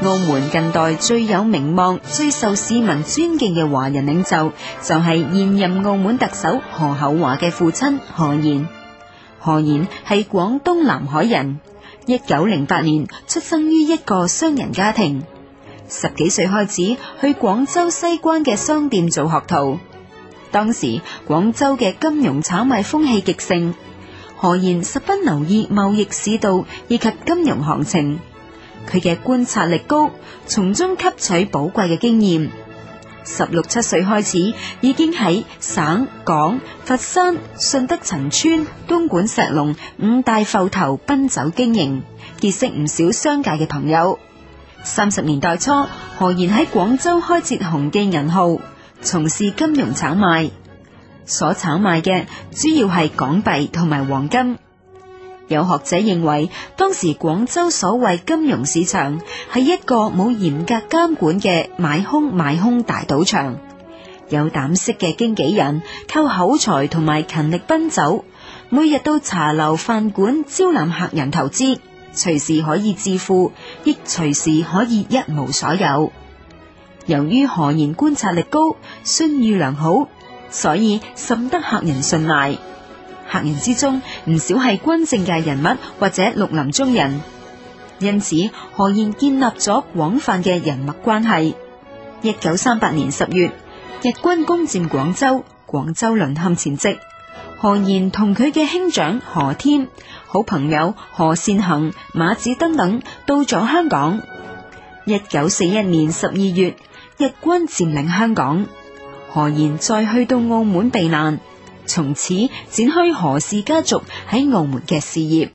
澳門近代最有名望、最受市民尊敬嘅華人領袖，就係現任澳門特首何厚鏵嘅父親何賢。何賢係廣東南海人，一九零八年出生於一個商人家庭。十幾歲開始去廣州西關嘅商店做學徒。當時廣州嘅金融炒賣風氣極盛，何賢十分留意貿易市道以及金融行情。佢嘅觀察力高，從中吸取寶貴嘅經驗。十六七歲開始，已經喺省、港、佛山、順德、陳村、東莞、石龍五大埠頭奔走經營，結識唔少商界嘅朋友。三十年代初，何賢喺廣州開設鴻記銀號，從事金融炒賣，所炒賣嘅主要係港幣同埋黃金。有學者認為，當時廣州所謂金融市場係一個冇嚴格監管嘅買空賣空大賭場。有膽識嘅經紀人靠口才同埋勤力奔走，每日到茶樓飯館招攬客人投資，隨時可以致富，亦隨時可以一無所有。由於何賢觀察力高，信譽良好，所以甚得客人信賴。客人之中，唔少係軍政界人物或者綠林中人，因此何賢建立咗廣泛嘅人脈關係。一九三八年十月，日軍攻占廣州，廣州淪陷前夕，何賢同佢嘅兄長何添、好朋友何善衡、馬子登等到咗香港。一九四一年十二月，日軍佔領香港，何賢再去到澳門避難。從此展開何氏家族喺澳門嘅事業。